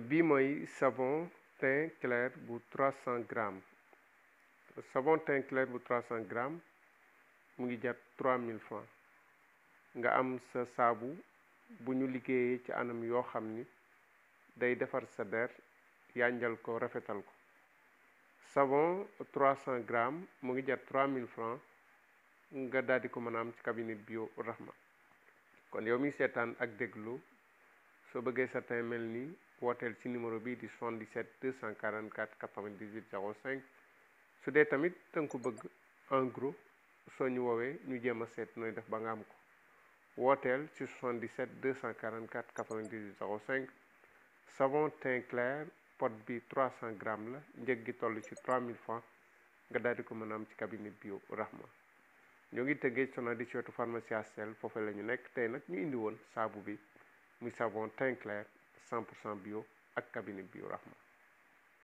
bii mooy savon teint clair bu 300 grammes savon teint clair bu 300 grammes mu ngi jar 3000 francs nga am sa saabu bu ñu liggéeyee ci anam yoo xam ni day defar sa der yànjal ko rafetal ko savon 300 grammes mu ngi jar 3000 francs nga daal di ko mën a am ci cabinet bio Rahma kon yow mi seetaan ak déglu soo bëggee certain mel ni wooteel ci numéro bii di 77 244 98 05 su dee tamit danga ko bëgg en soo ñu woowee ñu jéem a seet nooy def ba nga am ko wooteel ci 77 244 98 05 savon teint clair pot bi 300 grammes la njëg gi toll ci 3000 francs nga daal di ko mën a am ci cabinet bio Rahma ñoo ngi tëggee Sonacos ci wetu pharmacie Asel foofu la ñu nekk tey nag ñu indi woon saabu bi muy savon teint clair 100% bio ak cabinet bio Rahma